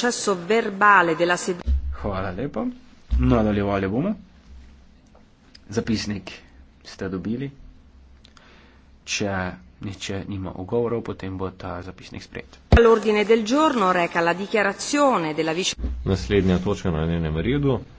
processo verbale della seduta. Hvala lepa. Nadaljevali bomo. Zapisnik ste dobili. Če nihče nima ogovorov, potem bo ta zapisnik sprejet. L'ordine del giorno reca la dichiarazione della vice. Naslednja točka na njenem redu.